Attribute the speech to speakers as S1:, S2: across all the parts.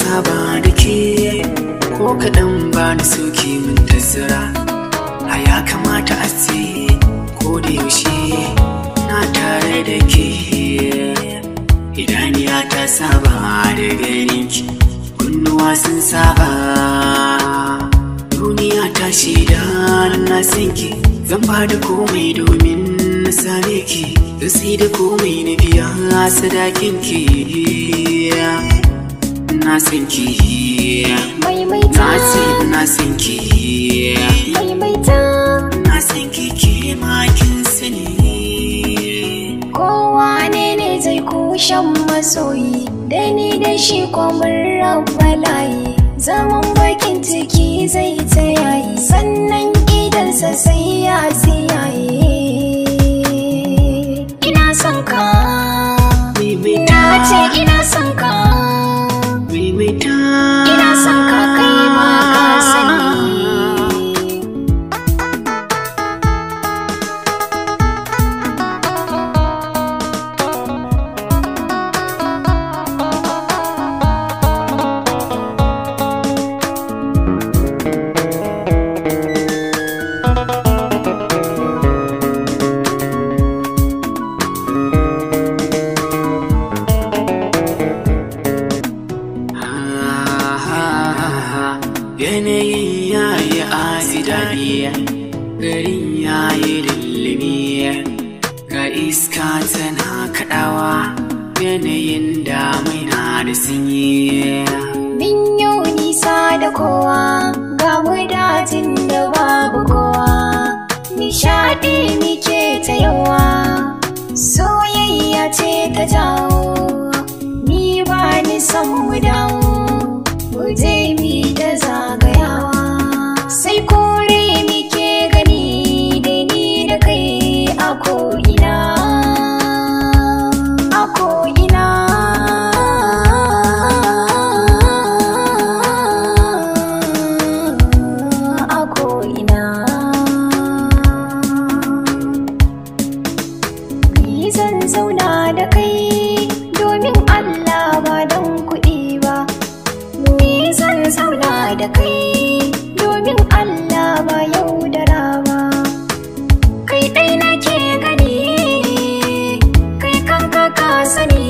S1: saba da ke ko kaɗan ba na soke min tazzara a ya kamata a ce ko da yaushe na tare da ke idaniya ta saba da ganinki kunnuwa sun saba duniya ta shaida na san ki zan ba da komai domin na same ki da sai da komai na biya sadakin ki na san ki na ce na san ki na san ki ke makin sani
S2: kowa ne ne zai kushen masoyi da ni da shi kwamar rabalaye zaman zai ta sannan idansa sai ya siyaye ina son
S1: ka na ce ina son yanayin ya yi asidari garin ya yi lullumi ga iska tana kaɗawa yanayin damina da sanyi
S2: bin yau nisa da kowa ga dajin da babu kowa nishaɗi muke ta yawa soyayya ce ta jawo ni ba ni san mu dawo zauna da kai domin Allah ba don kuɗi ba. Ni zan zauna da kai domin Allah ba yau da rama. Kai ɗai ke gani, kai kanka ka sani,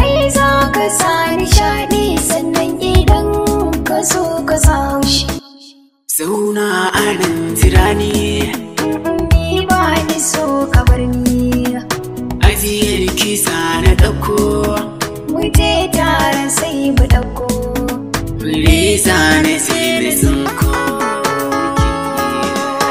S2: kai za ka sa nishaɗi sannan idan ka so ka sa shi. Zauna a nan tirani. Ni ba ni so ka bar ni.